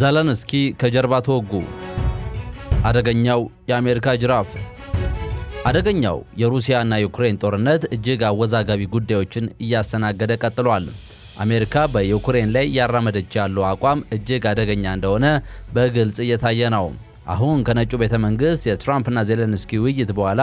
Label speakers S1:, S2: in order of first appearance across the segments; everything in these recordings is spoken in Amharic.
S1: ዘለንስኪ ከጀርባ ተወጉ። አደገኛው የአሜሪካ ጅራፍ። አደገኛው የሩሲያና ዩክሬን ጦርነት እጅግ አወዛጋቢ ጉዳዮችን እያስተናገደ ቀጥሏል። አሜሪካ በዩክሬን ላይ ያራመደች ያለው አቋም እጅግ አደገኛ እንደሆነ በግልጽ እየታየ ነው። አሁን ከነጩ ቤተ መንግሥት የትራምፕና ዜሌንስኪ ውይይት በኋላ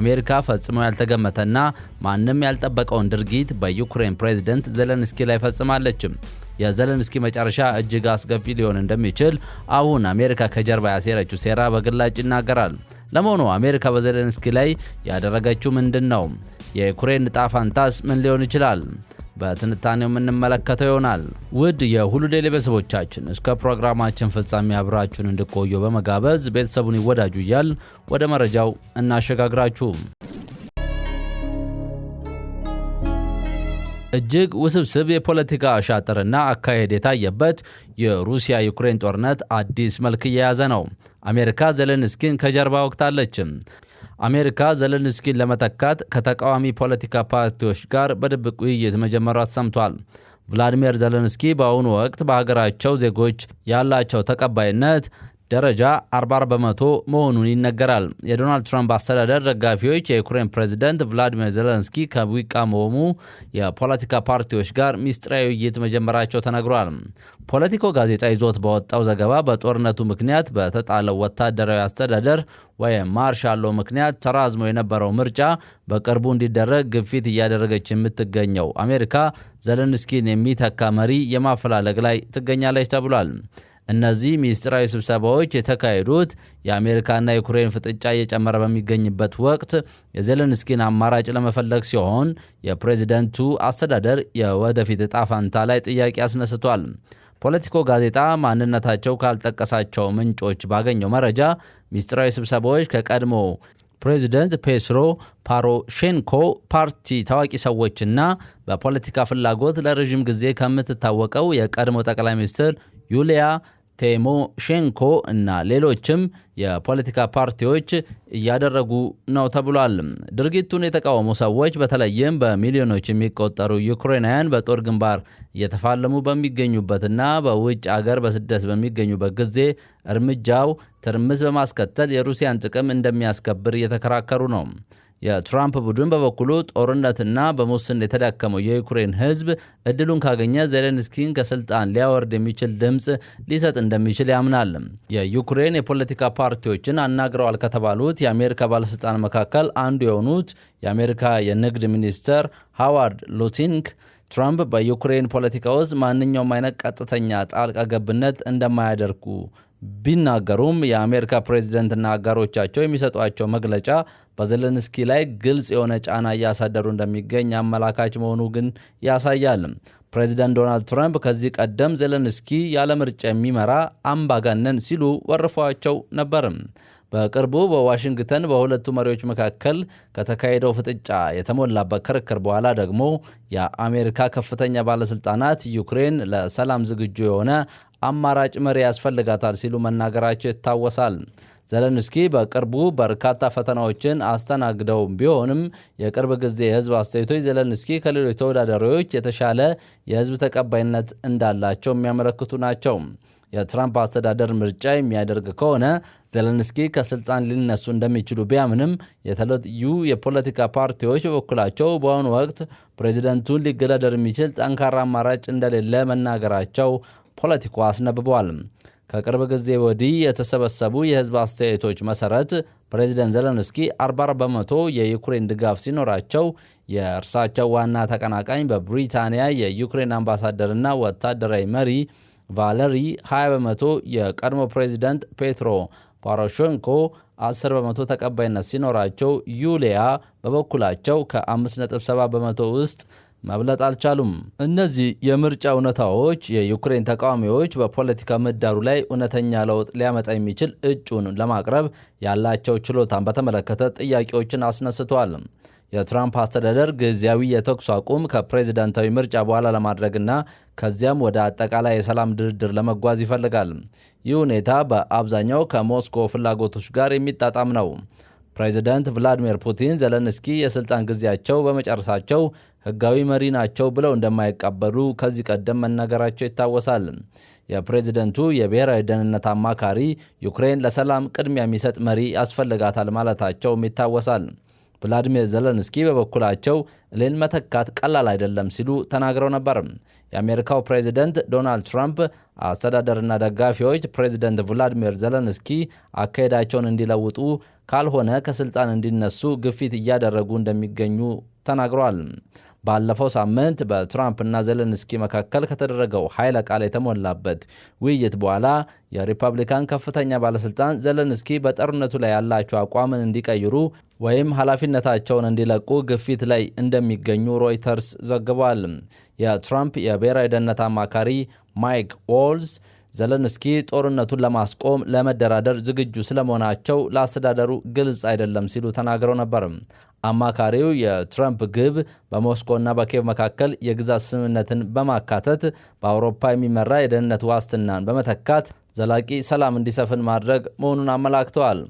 S1: አሜሪካ ፈጽሞ ያልተገመተና ማንም ያልጠበቀውን ድርጊት በዩክሬን ፕሬዝደንት ዜሌንስኪ ላይ ፈጽማለችም። የዘለንስኪ መጨረሻ እጅግ አስገፊ ሊሆን እንደሚችል አሁን አሜሪካ ከጀርባ ያሴረችው ሴራ በግላጭ ይናገራል። ለመሆኑ አሜሪካ በዘለንስኪ ላይ ያደረገችው ምንድን ነው? የዩክሬን ዕጣ ፈንታስ ምን ሊሆን ይችላል? በትንታኔው የምንመለከተው ይሆናል። ውድ የሁሉ ዴይሊ ቤተሰቦቻችን እስከ ፕሮግራማችን ፍጻሜ አብራችሁን እንድቆዩ በመጋበዝ ቤተሰቡን ይወዳጁ እያል ወደ መረጃው እናሸጋግራችሁ። እጅግ ውስብስብ የፖለቲካ አሻጥርና አካሄድ የታየበት የሩሲያ ዩክሬን ጦርነት አዲስ መልክ እየያዘ ነው። አሜሪካ ዘለንስኪን ከጀርባ ወቅታለችም። አሜሪካ ዘለንስኪን ለመተካት ከተቃዋሚ ፖለቲካ ፓርቲዎች ጋር በድብቅ ውይይት መጀመሯ ተሰምቷል። ቭላዲሚር ዘለንስኪ በአሁኑ ወቅት በሀገራቸው ዜጎች ያላቸው ተቀባይነት ደረጃ 44 በመቶ መሆኑን ይነገራል። የዶናልድ ትራምፕ አስተዳደር ደጋፊዎች የዩክሬን ፕሬዚደንት ቭላዲሚር ዘለንስኪ ከዊቃ መሆሙ የፖለቲካ ፓርቲዎች ጋር ሚስጥራዊ ውይይት መጀመራቸው ተነግሯል። ፖለቲኮ ጋዜጣ ይዞት በወጣው ዘገባ በጦርነቱ ምክንያት በተጣለው ወታደራዊ አስተዳደር ወይም ማርሻሎ ምክንያት ተራዝሞ የነበረው ምርጫ በቅርቡ እንዲደረግ ግፊት እያደረገች የምትገኘው አሜሪካ ዘለንስኪን የሚተካ መሪ የማፈላለግ ላይ ትገኛለች ተብሏል። እነዚህ ሚስጢራዊ ስብሰባዎች የተካሄዱት የአሜሪካና የዩክሬን ፍጥጫ እየጨመረ በሚገኝበት ወቅት የዜሌንስኪን አማራጭ ለመፈለግ ሲሆን የፕሬዚደንቱ አስተዳደር የወደፊት እጣ ላይ ጥያቄ አስነስቷል። ፖለቲኮ ጋዜጣ ማንነታቸው ካልጠቀሳቸው ምንጮች ባገኘው መረጃ ሚስጢራዊ ስብሰባዎች ከቀድሞ ፕሬዚደንት ፔትሮ ፖሮሼንኮ ፓርቲ ታዋቂ ሰዎችና በፖለቲካ ፍላጎት ለረዥም ጊዜ ከምትታወቀው የቀድሞ ጠቅላይ ሚኒስትር ዩሊያ ቲሞሼንኮ እና ሌሎችም የፖለቲካ ፓርቲዎች እያደረጉ ነው ተብሏል። ድርጊቱን የተቃወሙ ሰዎች በተለይም በሚሊዮኖች የሚቆጠሩ ዩክሬናውያን በጦር ግንባር እየተፋለሙ በሚገኙበትና በውጭ አገር በስደት በሚገኙበት ጊዜ እርምጃው ትርምስ በማስከተል የሩሲያን ጥቅም እንደሚያስከብር እየተከራከሩ ነው። የትራምፕ ቡድን በበኩሉ ጦርነትና በሙስን የተዳከመው የዩክሬን ሕዝብ እድሉን ካገኘ ዜሌንስኪን ከስልጣን ሊያወርድ የሚችል ድምፅ ሊሰጥ እንደሚችል ያምናል። የዩክሬን የፖለቲካ ፓርቲዎችን አናግረዋል ከተባሉት የአሜሪካ ባለሥልጣን መካከል አንዱ የሆኑት የአሜሪካ የንግድ ሚኒስትር ሃዋርድ ሉቲንክ ትራምፕ በዩክሬን ፖለቲካ ውስጥ ማንኛውም አይነት ቀጥተኛ ጣልቃ ገብነት እንደማያደርጉ ቢናገሩም የአሜሪካ ፕሬዚደንትና አጋሮቻቸው የሚሰጧቸው መግለጫ በዘለንስኪ ላይ ግልጽ የሆነ ጫና እያሳደሩ እንደሚገኝ አመላካች መሆኑ ግን ያሳያል። ፕሬዚደንት ዶናልድ ትራምፕ ከዚህ ቀደም ዘለንስኪ ያለ ምርጫ የሚመራ አምባገነን ሲሉ ወርፏቸው ነበርም። በቅርቡ በዋሽንግተን በሁለቱ መሪዎች መካከል ከተካሄደው ፍጥጫ የተሞላበት ክርክር በኋላ ደግሞ የአሜሪካ ከፍተኛ ባለስልጣናት ዩክሬን ለሰላም ዝግጁ የሆነ አማራጭ መሪ ያስፈልጋታል ሲሉ መናገራቸው ይታወሳል። ዘለንስኪ በቅርቡ በርካታ ፈተናዎችን አስተናግደው ቢሆንም የቅርብ ጊዜ የህዝብ አስተያየቶች ዘለንስኪ ከሌሎች ተወዳዳሪዎች የተሻለ የህዝብ ተቀባይነት እንዳላቸው የሚያመለክቱ ናቸው። የትራምፕ አስተዳደር ምርጫ የሚያደርግ ከሆነ ዘለንስኪ ከስልጣን ሊነሱ እንደሚችሉ ቢያምንም የተለዩ የፖለቲካ ፓርቲዎች በበኩላቸው በአሁኑ ወቅት ፕሬዚደንቱን ሊገዳደር የሚችል ጠንካራ አማራጭ እንደሌለ መናገራቸው ፖለቲኮ አስነብቧል። ከቅርብ ጊዜ ወዲህ የተሰበሰቡ የህዝብ አስተያየቶች መሰረት ፕሬዚደንት ዘለንስኪ 44 በመቶ የዩክሬን ድጋፍ ሲኖራቸው የእርሳቸው ዋና ተቀናቃኝ በብሪታንያ የዩክሬን አምባሳደርና ወታደራዊ መሪ ቫለሪ 20 በመቶ፣ የቀድሞ ፕሬዚደንት ፔትሮ ፖሮሼንኮ 10 በመቶ ተቀባይነት ሲኖራቸው ዩሊያ በበኩላቸው ከ5.7 በመቶ ውስጥ መብለጥ አልቻሉም። እነዚህ የምርጫ እውነታዎች የዩክሬን ተቃዋሚዎች በፖለቲካ ምህዳሩ ላይ እውነተኛ ለውጥ ሊያመጣ የሚችል እጩን ለማቅረብ ያላቸው ችሎታን በተመለከተ ጥያቄዎችን አስነስተዋል። የትራምፕ አስተዳደር ጊዜያዊ የተኩስ አቁም ከፕሬዚዳንታዊ ምርጫ በኋላ ለማድረግና ከዚያም ወደ አጠቃላይ የሰላም ድርድር ለመጓዝ ይፈልጋል። ይህ ሁኔታ በአብዛኛው ከሞስኮ ፍላጎቶች ጋር የሚጣጣም ነው። ፕሬዚደንት ቭላዲሚር ፑቲን ዘለንስኪ የስልጣን ጊዜያቸው በመጨረሳቸው ህጋዊ መሪ ናቸው ብለው እንደማይቀበሉ ከዚህ ቀደም መናገራቸው ይታወሳል። የፕሬዚደንቱ የብሔራዊ ደህንነት አማካሪ ዩክሬን ለሰላም ቅድሚያ የሚሰጥ መሪ ያስፈልጋታል ማለታቸውም ይታወሳል። ቭላዲሚር ዘለንስኪ በበኩላቸው ሌን መተካት ቀላል አይደለም ሲሉ ተናግረው ነበር። የአሜሪካው ፕሬዚደንት ዶናልድ ትራምፕ አስተዳደርና ደጋፊዎች ፕሬዚደንት ቭላዲሚር ዘለንስኪ አካሄዳቸውን እንዲለውጡ ካልሆነ ከስልጣን እንዲነሱ ግፊት እያደረጉ እንደሚገኙ ተናግረዋል። ባለፈው ሳምንት በትራምፕ እና ዘለንስኪ መካከል ከተደረገው ኃይለ ቃል የተሞላበት ውይይት በኋላ የሪፐብሊካን ከፍተኛ ባለስልጣን ዘለንስኪ በጦርነቱ ላይ ያላቸው አቋምን እንዲቀይሩ ወይም ኃላፊነታቸውን እንዲለቁ ግፊት ላይ እንደሚገኙ ሮይተርስ ዘግቧል። የትራምፕ የብሔራዊ ደህንነት አማካሪ ማይክ ዋልዝ ዘለንስኪ ጦርነቱን ለማስቆም ለመደራደር ዝግጁ ስለመሆናቸው ለአስተዳደሩ ግልጽ አይደለም ሲሉ ተናግረው ነበር። አማካሪው የትራምፕ ግብ በሞስኮና በኬቭ መካከል የግዛት ስምምነትን በማካተት በአውሮፓ የሚመራ የደህንነት ዋስትናን በመተካት ዘላቂ ሰላም እንዲሰፍን ማድረግ መሆኑን አመላክተዋል።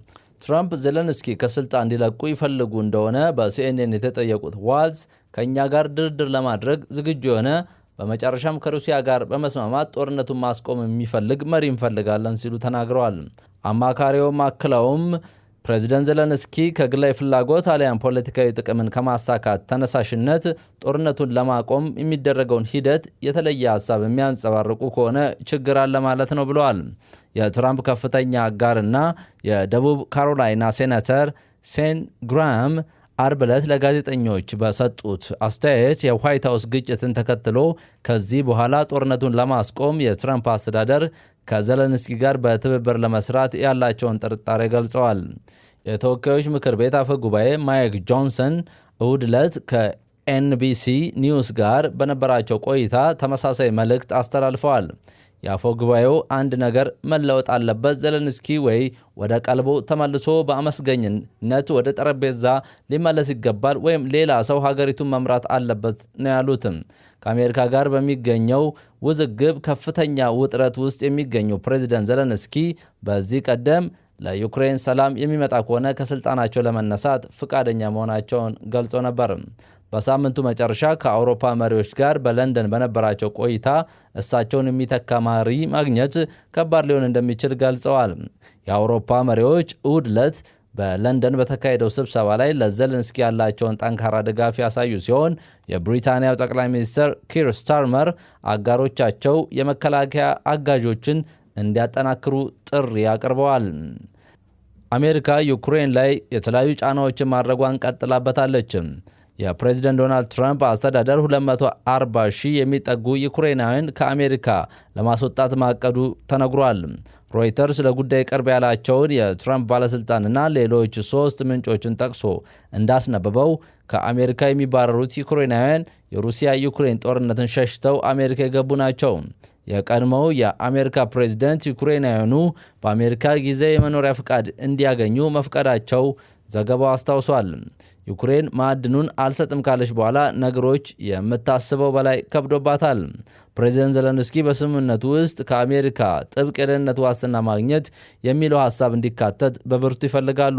S1: ትራምፕ ዜሌንስኪ ከስልጣን እንዲለቁ ይፈልጉ እንደሆነ በሲኤንኤን የተጠየቁት ዋልስ ከእኛ ጋር ድርድር ለማድረግ ዝግጁ የሆነ በመጨረሻም ከሩሲያ ጋር በመስማማት ጦርነቱን ማስቆም የሚፈልግ መሪ እንፈልጋለን ሲሉ ተናግረዋል። አማካሪውም አክለውም ፕሬዚደንት ዘለንስኪ ከግላይ ፍላጎት አሊያም ፖለቲካዊ ጥቅምን ከማሳካት ተነሳሽነት ጦርነቱን ለማቆም የሚደረገውን ሂደት የተለየ ሀሳብ የሚያንጸባርቁ ከሆነ ችግር አለ ማለት ነው ብለዋል። የትራምፕ ከፍተኛ አጋርና የደቡብ ካሮላይና ሴናተር ሴን ግራም አርብ ዕለት ለጋዜጠኞች በሰጡት አስተያየት የዋይት ሀውስ ግጭትን ተከትሎ ከዚህ በኋላ ጦርነቱን ለማስቆም የትራምፕ አስተዳደር ከዘለንስኪ ጋር በትብብር ለመስራት ያላቸውን ጥርጣሬ ገልጸዋል። የተወካዮች ምክር ቤት አፈ ጉባኤ ማይክ ጆንሰን እሁድ ዕለት ከኤንቢሲ ኒውስ ጋር በነበራቸው ቆይታ ተመሳሳይ መልእክት አስተላልፈዋል። የአፈ ጉባኤው አንድ ነገር መለወጥ አለበት። ዘለንስኪ ወይ ወደ ቀልቦ ተመልሶ በአመስገኝነት ወደ ጠረጴዛ ሊመለስ ይገባል፣ ወይም ሌላ ሰው ሀገሪቱን መምራት አለበት ነው ያሉትም። ከአሜሪካ ጋር በሚገኘው ውዝግብ ከፍተኛ ውጥረት ውስጥ የሚገኙ ፕሬዚደንት ዘለንስኪ በዚህ ቀደም ለዩክሬን ሰላም የሚመጣ ከሆነ ከስልጣናቸው ለመነሳት ፈቃደኛ መሆናቸውን ገልጾ ነበር። በሳምንቱ መጨረሻ ከአውሮፓ መሪዎች ጋር በለንደን በነበራቸው ቆይታ እሳቸውን የሚተካ መሪ ማግኘት ከባድ ሊሆን እንደሚችል ገልጸዋል። የአውሮፓ መሪዎች እሁድ ዕለት በለንደን በተካሄደው ስብሰባ ላይ ለዘለንስኪ ያላቸውን ጠንካራ ድጋፍ ያሳዩ ሲሆን የብሪታንያው ጠቅላይ ሚኒስትር ኪር ስታርመር አጋሮቻቸው የመከላከያ አጋዦችን እንዲያጠናክሩ ጥሪ አቅርበዋል። አሜሪካ ዩክሬን ላይ የተለያዩ ጫናዎችን ማድረጓን ቀጥላበታለች። የፕሬዚደንት ዶናልድ ትራምፕ አስተዳደር 240 ሺህ የሚጠጉ ዩክሬናውያን ከአሜሪካ ለማስወጣት ማቀዱ ተነግሯል። ሮይተርስ ለጉዳይ ቅርብ ያላቸውን የትራምፕ ባለሥልጣንና ሌሎች ሶስት ምንጮችን ጠቅሶ እንዳስነበበው ከአሜሪካ የሚባረሩት ዩክሬናውያን የሩሲያ ዩክሬን ጦርነትን ሸሽተው አሜሪካ የገቡ ናቸው። የቀድሞው የአሜሪካ ፕሬዚደንት ዩክሬናውያኑ በአሜሪካ ጊዜ የመኖሪያ ፍቃድ እንዲያገኙ መፍቀዳቸው ዘገባው አስታውሷል። ዩክሬን ማዕድኑን አልሰጥም ካለች በኋላ ነገሮች የምታስበው በላይ ከብዶባታል። ፕሬዚደንት ዘለንስኪ በስምምነቱ ውስጥ ከአሜሪካ ጥብቅ የደህንነት ዋስትና ማግኘት የሚለው ሀሳብ እንዲካተት በብርቱ ይፈልጋሉ።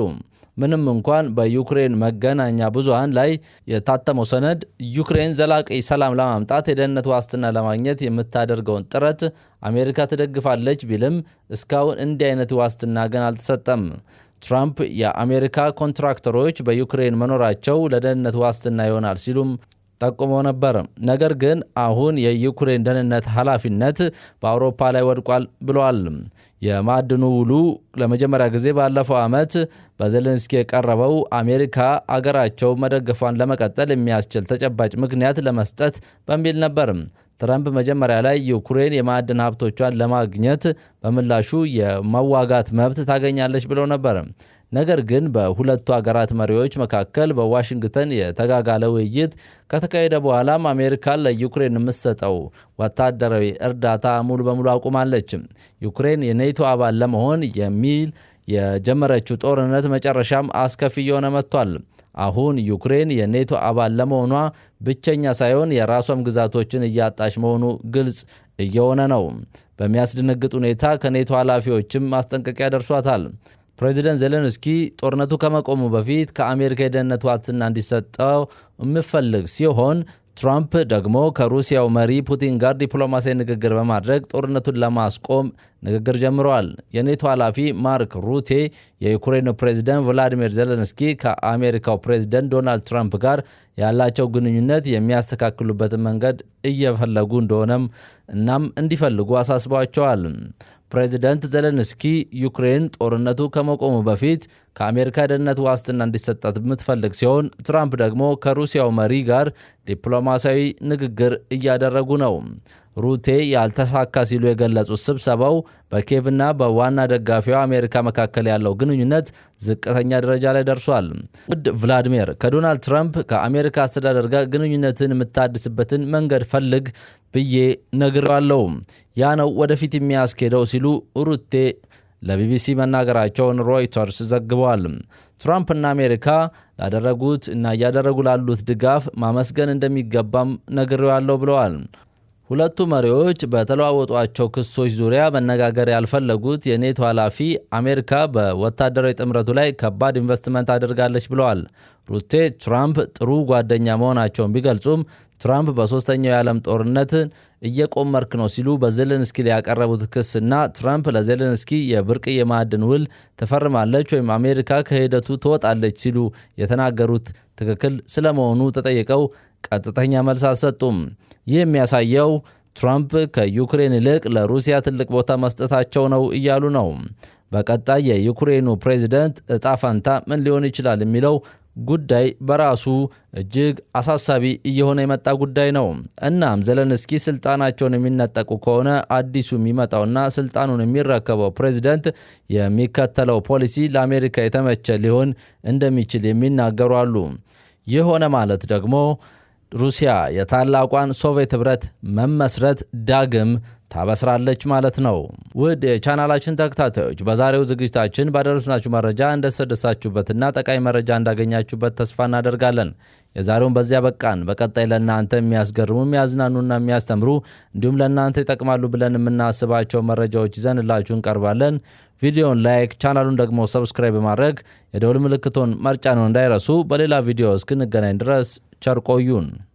S1: ምንም እንኳን በዩክሬን መገናኛ ብዙሃን ላይ የታተመው ሰነድ ዩክሬን ዘላቂ ሰላም ለማምጣት የደህንነት ዋስትና ለማግኘት የምታደርገውን ጥረት አሜሪካ ትደግፋለች ቢልም እስካሁን እንዲህ አይነት ዋስትና ግን አልተሰጠም። ትራምፕ የአሜሪካ ኮንትራክተሮች በዩክሬን መኖራቸው ለደህንነት ዋስትና ይሆናል ሲሉም ጠቁመው ነበር። ነገር ግን አሁን የዩክሬን ደህንነት ኃላፊነት በአውሮፓ ላይ ወድቋል ብለዋል። የማዕድኑ ውሉ ለመጀመሪያ ጊዜ ባለፈው ዓመት በዜሌንስኪ የቀረበው አሜሪካ አገራቸው መደገፏን ለመቀጠል የሚያስችል ተጨባጭ ምክንያት ለመስጠት በሚል ነበር። ትረምፕ መጀመሪያ ላይ ዩክሬን የማዕድን ሀብቶቿን ለማግኘት በምላሹ የመዋጋት መብት ታገኛለች ብለው ነበር። ነገር ግን በሁለቱ አገራት መሪዎች መካከል በዋሽንግተን የተጋጋለ ውይይት ከተካሄደ በኋላም አሜሪካ ለዩክሬን የምትሰጠው ወታደራዊ እርዳታ ሙሉ በሙሉ አቁማለች። ዩክሬን የኔቶ አባል ለመሆን የሚል የጀመረችው ጦርነት መጨረሻም አስከፊ እየሆነ መጥቷል። አሁን ዩክሬን የኔቶ አባል ለመሆኗ ብቸኛ ሳይሆን የራሷም ግዛቶችን እያጣች መሆኑ ግልጽ እየሆነ ነው። በሚያስደነግጥ ሁኔታ ከኔቶ ኃላፊዎችም ማስጠንቀቂያ ደርሷታል። ፕሬዚደንት ዜሌንስኪ ጦርነቱ ከመቆሙ በፊት ከአሜሪካ የደህንነት ዋስትና እንዲሰጠው የምፈልግ ሲሆን ትራምፕ ደግሞ ከሩሲያው መሪ ፑቲን ጋር ዲፕሎማሲያዊ ንግግር በማድረግ ጦርነቱን ለማስቆም ንግግር ጀምረዋል። የኔቶ ኃላፊ ማርክ ሩቴ የዩክሬኑ ፕሬዚደንት ቮላዲሚር ዘለንስኪ ከአሜሪካው ፕሬዚደንት ዶናልድ ትራምፕ ጋር ያላቸው ግንኙነት የሚያስተካክሉበትን መንገድ እየፈለጉ እንደሆነም እናም እንዲፈልጉ አሳስቧቸዋል። ፕሬዚደንት ዘለንስኪ ዩክሬን ጦርነቱ ከመቆሙ በፊት ከአሜሪካ የደህንነት ዋስትና እንዲሰጣት የምትፈልግ ሲሆን ትራምፕ ደግሞ ከሩሲያው መሪ ጋር ዲፕሎማሲያዊ ንግግር እያደረጉ ነው። ሩቴ ያልተሳካ ሲሉ የገለጹት ስብሰባው በኬቭና በዋና ደጋፊው አሜሪካ መካከል ያለው ግንኙነት ዝቅተኛ ደረጃ ላይ ደርሷል። ውድ ቭላዲሚር፣ ከዶናልድ ትራምፕ ከአሜሪካ አስተዳደር ጋር ግንኙነትን የምታድስበትን መንገድ ፈልግ ብዬ ነግረዋለው። ያ ነው ወደፊት የሚያስኬደው ሲሉ ሩቴ ለቢቢሲ መናገራቸውን ሮይተርስ ዘግቧል። ትራምፕና አሜሪካ ላደረጉት እና እያደረጉ ላሉት ድጋፍ ማመስገን እንደሚገባም ነግሬዋለሁ ብለዋል። ሁለቱ መሪዎች በተለዋወጧቸው ክሶች ዙሪያ መነጋገር ያልፈለጉት የኔቶ ኃላፊ አሜሪካ በወታደራዊ ጥምረቱ ላይ ከባድ ኢንቨስትመንት አድርጋለች ብለዋል። ሩቴ ትራምፕ ጥሩ ጓደኛ መሆናቸውን ቢገልጹም ትራምፕ በሶስተኛው የዓለም ጦርነት እየቆመርክ ነው ሲሉ በዜሌንስኪ ላይ ያቀረቡት ክስና ትራምፕ ለዜሌንስኪ የብርቅዬ ማዕድን ውል ትፈርማለች ወይም አሜሪካ ከሂደቱ ትወጣለች ሲሉ የተናገሩት ትክክል ስለመሆኑ ተጠይቀው ቀጥተኛ መልስ አልሰጡም። ይህ የሚያሳየው ትራምፕ ከዩክሬን ይልቅ ለሩሲያ ትልቅ ቦታ መስጠታቸው ነው እያሉ ነው። በቀጣይ የዩክሬኑ ፕሬዚደንት እጣ ፈንታ ምን ሊሆን ይችላል የሚለው ጉዳይ በራሱ እጅግ አሳሳቢ እየሆነ የመጣ ጉዳይ ነው። እናም ዘለንስኪ ስልጣናቸውን የሚነጠቁ ከሆነ አዲሱ የሚመጣውና ስልጣኑን የሚረከበው ፕሬዚደንት የሚከተለው ፖሊሲ ለአሜሪካ የተመቸ ሊሆን እንደሚችል የሚናገሩ አሉ። ይህ ሆነ ማለት ደግሞ ሩሲያ የታላቋን ሶቪየት ኅብረት መመስረት ዳግም ታበስራለች ማለት ነው። ውድ የቻናላችን ተከታታዮች በዛሬው ዝግጅታችን ባደረስናችሁ መረጃ እንደተደሰታችሁበትና ጠቃሚ መረጃ እንዳገኛችሁበት ተስፋ እናደርጋለን። የዛሬውን በዚያ በቃን። በቀጣይ ለእናንተ የሚያስገርሙ የሚያዝናኑና የሚያስተምሩ እንዲሁም ለእናንተ ይጠቅማሉ ብለን የምናስባቸው መረጃዎች ይዘንላችሁ እንቀርባለን። ቪዲዮን ላይክ፣ ቻናሉን ደግሞ ሰብስክራይብ በማድረግ የደውል ምልክቱን መርጫ ነው እንዳይረሱ። በሌላ ቪዲዮ እስክንገናኝ ድረስ charcoal